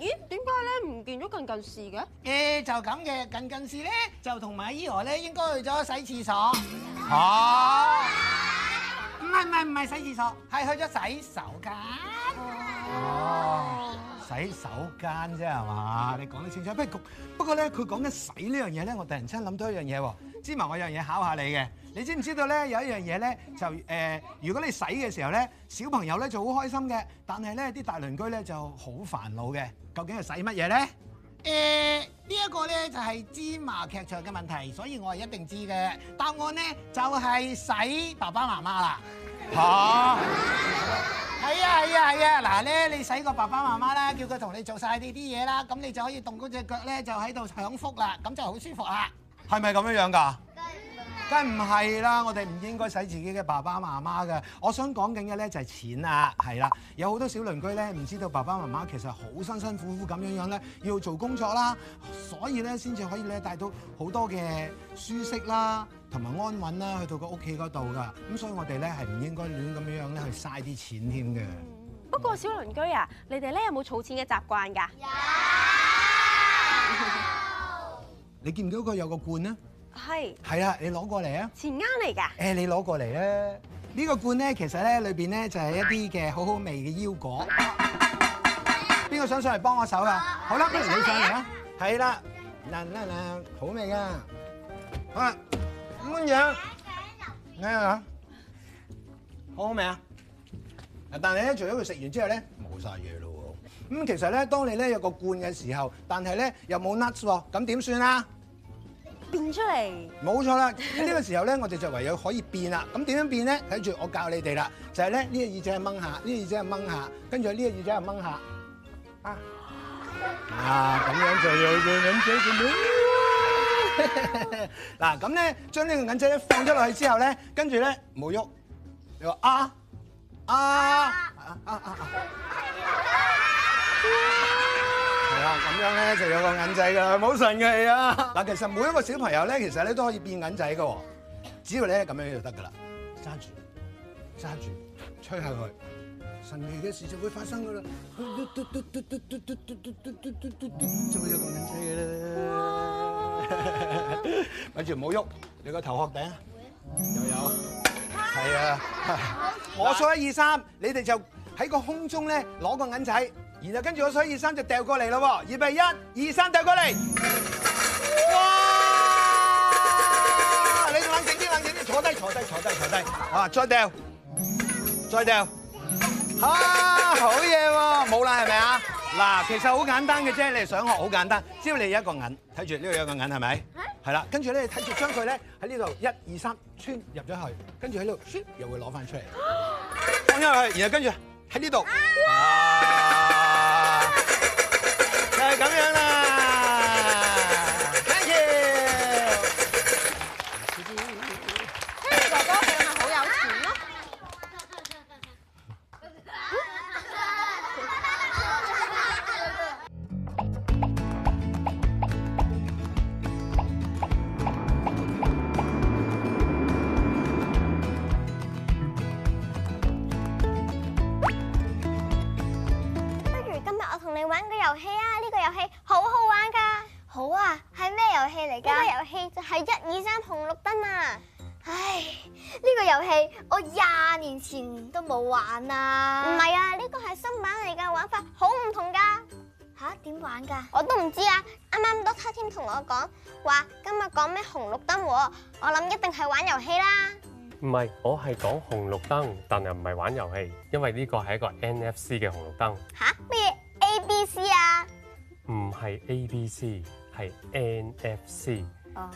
咦？點解咧唔見咗近近視嘅？誒、欸、就咁嘅，近近視咧就同埋姨娥咧應該去咗洗廁所。哦、啊，唔係唔係唔係洗廁所，係去咗洗手間。哦、啊。啊啊洗手間啫係嘛？ 你講得清楚。不過不，不過咧，佢講緊洗呢樣嘢咧，我突然之間諗到一樣嘢喎。芝麻，我有樣嘢考下你嘅，你知唔知道咧？有一樣嘢咧，就誒、呃，如果你洗嘅時候咧，小朋友咧就好開心嘅，但係咧啲大鄰居咧就好煩惱嘅。究竟係洗乜嘢咧？誒、呃，呢、這、一個咧就係芝麻劇場嘅問題，所以我係一定知嘅。答案咧就係、是、洗爸爸媽媽啦。好、啊。 係啊係啊係啊！嗱咧、啊啊啊，你使個爸爸媽媽啦，叫佢同你做晒呢啲嘢啦，咁你就可以動嗰隻腳咧，就喺度享福啦，咁就好舒服啦。係咪咁樣樣㗎？梗唔係啦，我哋唔應該使自己嘅爸爸媽媽嘅。我想講緊嘅咧就係錢啊，係啦，有好多小鄰居咧唔知道爸爸媽媽其實好辛辛苦苦咁樣樣咧要做工作啦，所以咧先至可以咧帶到好多嘅舒適啦。同埋安穩啦，去到個屋企嗰度噶，咁所以我哋咧係唔應該亂咁樣樣咧去嘥啲錢添嘅。不過小鄰居啊，你哋咧有冇儲錢嘅習慣㗎？有。你見唔見到個有個罐咧？係。係啦，你攞過嚟啊。錢罌嚟㗎。誒，你攞過嚟啦。呢個罐咧，其實咧裏邊咧就係一啲嘅好好味嘅腰果。邊個想上嚟幫我手啊？好啦，不如你上嚟啊。係啦，嗱嗱嗱，好味㗎。啊！咁樣，睇下，好好味啊？但係咧，除咗佢食完之後咧，冇曬嘢咯喎。咁其實咧，當你咧有個罐嘅時候，但係咧又冇 nuts 喎，咁點算啊？變出嚟。冇錯啦，喺呢個時候咧，我哋就唯有可以變啦。咁點樣變咧？睇住我教你哋啦，就係咧呢個耳仔掹下，呢個耳仔掹下，跟住呢個耳仔又掹下。啊！啊！咁樣就又會揾錢去咩？嗱，咁咧將呢個銀仔咧放咗落去之後咧，跟住咧冇喐，你話啊啊啊啊，係啊，咁樣咧就有個銀仔㗎啦，好神奇啊！嗱，其實每一個小朋友咧，其實咧都可以變銀仔嘅，只要你係咁樣就得㗎啦，揸住揸住吹下佢，神奇嘅事就會發生㗎啦。嘟嘟嘟嘟嘟嘟嘟嘟嘟嘟嘟嘟嘟嘟，就會有個銀仔㗎啦。咪住唔好喐，你個頭殼頂又有，係啊！我數一二三，你哋就喺個空中咧攞個銀仔，然後跟住我數一二三就掉過嚟咯，預備，一二三掉過嚟！哇！你仲冷靜啲，冷靜啲，坐低，坐低，坐低，坐低，啊！再掉，再掉，啊！好嘢喎，冇啦係咪啊？嗱，其實好簡單嘅啫，你想學好簡單，只要你一有一個銀，睇住呢度有一個銀係咪？係。係 啦，跟住咧睇住將佢咧喺呢度一二三穿入咗去，跟住喺度，又會攞翻出嚟，放入去，然後跟住喺呢度。 啊遊戲啊，呢個遊戲好好玩噶。好啊，係咩遊戲嚟噶？呢個遊戲就係一二三紅綠燈啊。唉，呢個遊戲我廿年前都冇玩啊！唔係啊，呢個係新版嚟噶，玩法好唔同噶。吓？點玩噶？我都唔知啊。啱啱 Doctor Tim 同我講話今日講咩紅綠燈喎，我諗一定係玩遊戲啦。唔係，我係講紅綠燈，但係唔係玩遊戲，因為呢個係一個 NFC 嘅紅綠燈。吓咩？B、oh. C 啊？唔係 A B C，係 N F C。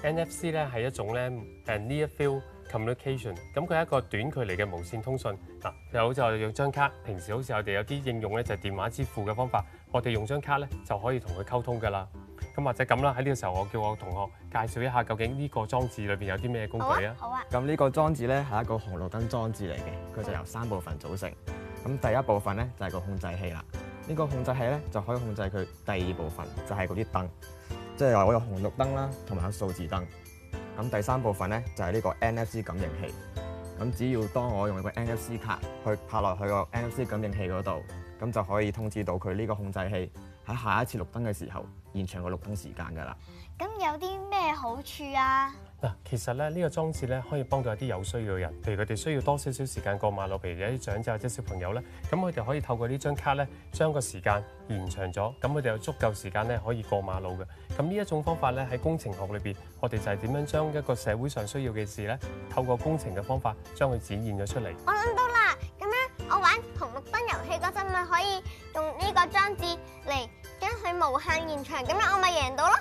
N F C 咧，係一種咧 n e a、Near、Field Communication，咁佢係一個短距離嘅無線通訊。嗱，有就用張卡，平時好似我哋有啲應用咧就係電話支付嘅方法，我哋用張卡咧就可以同佢溝通噶啦。咁或者咁啦，喺呢個時候我叫我同學介紹一下究竟呢個裝置裏邊有啲咩工具啊？好啊。咁呢個裝置咧，係一個紅綠燈裝置嚟嘅，佢就由三部分組成。咁第一部分咧就係個控制器啦。呢個控制器咧，就可以控制佢第二部分，就係嗰啲燈，即係話我有紅綠燈啦，同埋有數字燈。咁第三部分咧，就係呢個 NFC 感應器。咁只要當我用一個 NFC 卡去拍落去個 NFC 感應器嗰度，咁就可以通知到佢呢個控制器。喺下一次綠燈嘅時候，延長個綠燈時間㗎啦。咁有啲咩好處啊？嗱，其實咧，呢個裝置咧可以幫到一啲有需要嘅人，譬如佢哋需要多少少時間過馬路，譬如有啲長者或者小朋友咧，咁佢哋可以透過呢張卡咧，將個時間延長咗，咁佢哋有足夠時間咧可以過馬路嘅。咁呢一種方法咧喺工程學裏邊，我哋就係點樣將一個社會上需要嘅事咧，透過工程嘅方法將佢展現咗出嚟。我諗到啦，咁樣我玩紅綠燈遊戲嗰陣咪可以。我張智嚟跟佢無限延長，咁樣我咪贏到咯。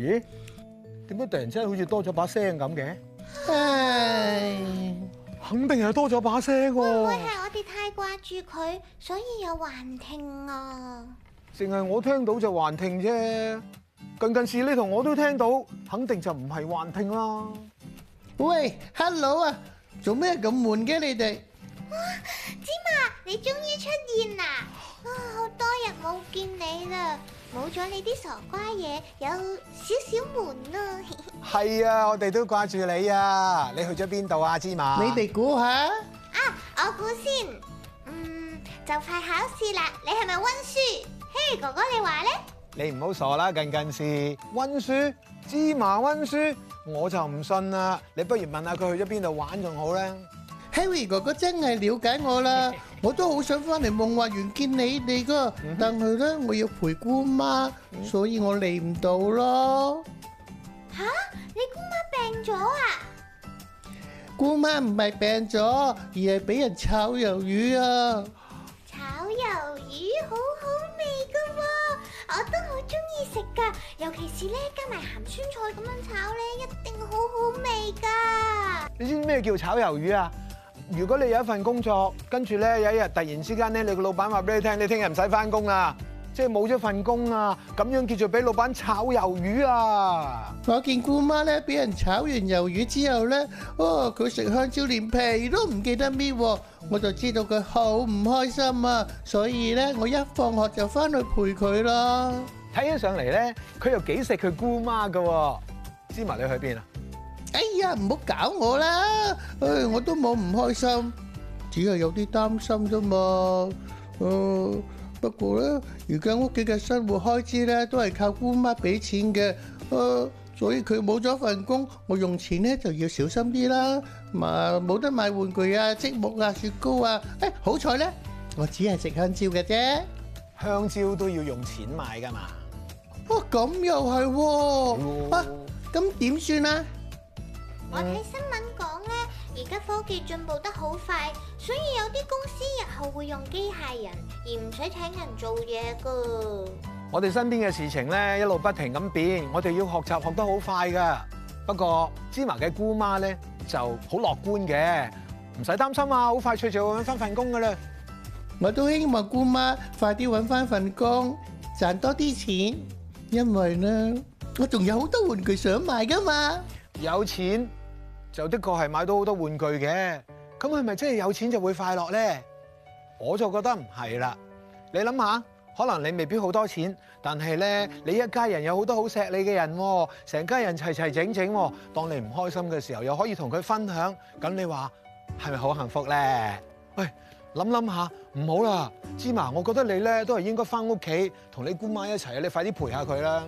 咦？點解突然之間好似多咗把聲咁嘅？唉，肯定係多咗把聲喎。會唔會係我哋太掛住佢，所以有幻聽啊？淨係我聽到就幻聽啫。近近事你同我都聽到，肯定就唔係幻聽啦。喂，Hello 啊！做咩咁悶嘅你哋？芝麻，你終於出現啦！哇，好多日冇見你啦～冇咗你啲傻瓜嘢，有少少悶啊！係 啊，我哋都掛住你啊！你去咗邊度啊，芝麻？你哋估下？啊，我估先。嗯，就快考試啦，你係咪溫書？嘿、hey，哥哥你話咧？你唔好傻啦，近近事，溫書，芝麻溫書，我就唔信啦！你不如問下佢去咗邊度玩仲好咧？Harry 哥哥真係了解我啦，我都好想翻嚟夢幻園見你哋噶，但係咧我要陪姑媽，所以我嚟唔到咯。吓，你姑媽病咗啊？姑媽唔係病咗，而係俾人炒魷魚啊！炒魷魚好好味噶，我都好中意食噶，尤其是咧加埋鹹酸菜咁樣炒咧，一定好好味噶。你知唔知咩叫炒魷魚啊？如果你有一份工作，跟住咧有一日突然之間咧，你個老闆話俾你聽，你聽日唔使翻工啦，即係冇咗份工啊，咁樣叫做俾老闆炒魷魚啊！我見姑媽咧俾人炒完魷魚之後咧，哦，佢食香蕉連皮都唔記得搣，我就知道佢好唔開心啊，所以咧我一放學就翻去陪佢咯。睇起上嚟咧，佢又幾錫佢姑媽噶，芝麻，你去邊啊？哎呀，唔好搞我啦！唉，我都冇唔開心，只係有啲擔心啫嘛。誒，不過咧，而家屋企嘅生活開支咧都係靠姑媽俾錢嘅。誒，所以佢冇咗份工，我用錢咧就要小心啲啦。嘛，冇得買玩具啊、積木啊、雪糕啊。誒，好彩咧，我只係食香蕉嘅啫。香蕉都要用錢買噶嘛？哦，咁又係喎，咁點算啊？嗯、我睇新聞講咧，而家科技進步得好快，所以有啲公司日後會用機械人，而唔使請人做嘢噶。我哋身邊嘅事情咧，一路不停咁變，我哋要學習學得好快噶。不過芝麻嘅姑媽咧就好樂觀嘅，唔使擔心啊，好快脆就會搵翻份工噶啦。我都希望姑媽快啲搵翻份工，賺多啲錢，因為咧我仲有好多玩具想買噶嘛，有錢。就的確係買到好多玩具嘅，咁係咪真係有錢就會快樂呢？我就覺得唔係啦。你諗下，可能你未必好多錢，但係呢，你一家人有好多好錫你嘅人，成家人齊齊整整，整，當你唔開心嘅時候又可以同佢分享，咁你話係咪好幸福呢？喂，諗諗下，唔好啦，芝麻，我覺得你呢都係應該返屋企同你姑媽一齊，你快啲陪下佢啦。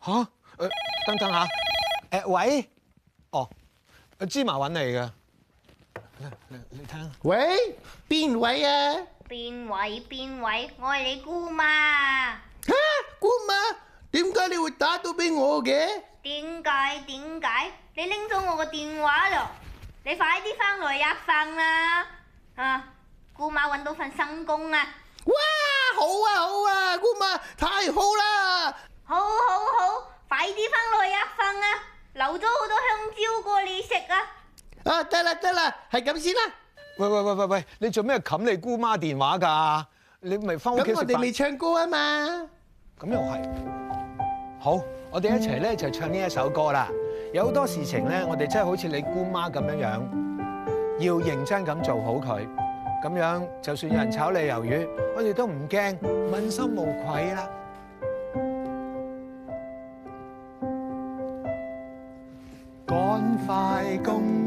吓、啊！誒等等下，誒喂，哦，芝麻揾你噶，你你聽下，喂，邊位啊？邊位邊位，我係你姑媽。哈，姑媽，點解你會打到俾我嘅？點解點解？你拎咗我個電話咯，你快啲翻來吔飯啦，吓，姑媽揾到份新工啊！哇，好啊好啊，姑媽太好啦！啊得啦得啦，係咁先啦！喂喂喂喂喂，你做咩冚你姑媽電話噶？你咪返屋企食飯。咁我哋未唱歌啊嘛？咁又係。好，我哋一齊咧就唱呢一首歌啦。有好多事情咧，我哋真係好似你姑媽咁樣樣，要認真咁做好佢。咁樣就算有人炒你魷魚，我哋都唔驚，問心無愧啦。趕快工。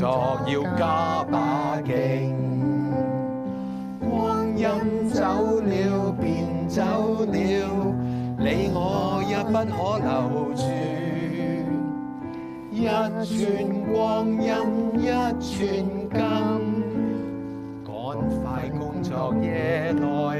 作要加把勁，光陰走了便走了，你我也不可留住。一寸光陰一寸金，趕快工作夜來。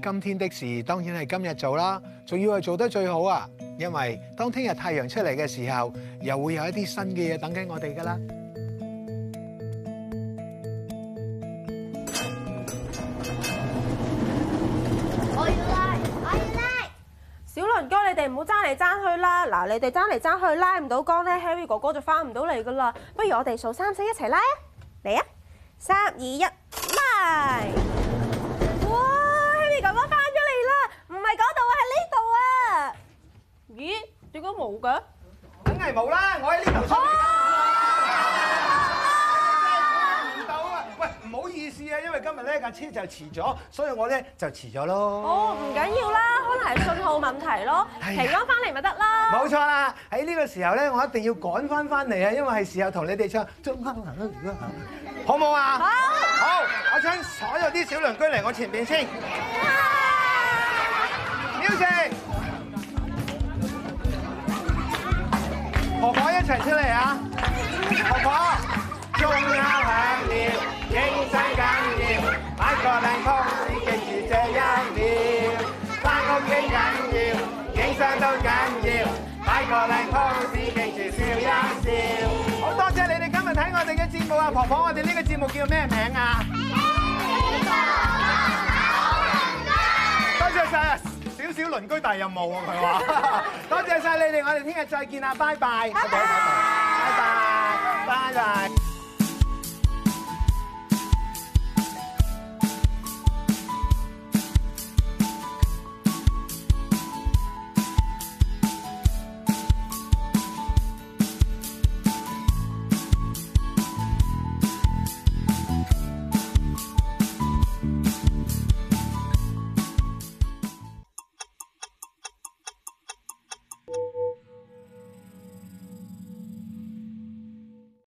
今天的事當然係今日做啦，仲要係做得最好啊！因為當聽日太陽出嚟嘅時候，又會有一啲新嘅嘢等緊我哋㗎喇。我要拉，我要拉！小輪哥，你哋唔好爭嚟爭去啦！嗱，你哋爭嚟爭去拉唔到缸咧，Harry 哥哥就返唔到嚟㗎喇。不如我哋數三聲一齊拉呀！嚟呀，三二一，拉！咦？點解冇㗎？梗係冇啦！我喺呢度出嚟，到啊！喂，唔好意思啊，因為今日咧架車就遲咗，所以我咧就遲咗咯。哦，唔緊要啦，可能係信號問題咯，遲啱翻嚟咪得啦。冇錯啦，喺呢個時候咧，我一定要趕翻翻嚟啊，因為係時候同你哋唱《捉黑狼》啦，好唔好啊？好，我請所有啲小鄰居嚟我前面先。Cheers。婆婆一起出嚟啊！婆婆，鐘錶響起，影相緊要。擺個靚 pose 記住這一秒，返工緊要，影相都緊要，擺個靚 pose 記住笑一笑。好、嗯、多謝你哋今日睇我哋嘅節目啊！婆婆，我哋呢個節目叫咩名啊？多謝晒！叫鄰居大任務啊！佢話， 多謝晒你哋，我哋聽日再見喇！拜拜，拜拜，拜拜，拜拜。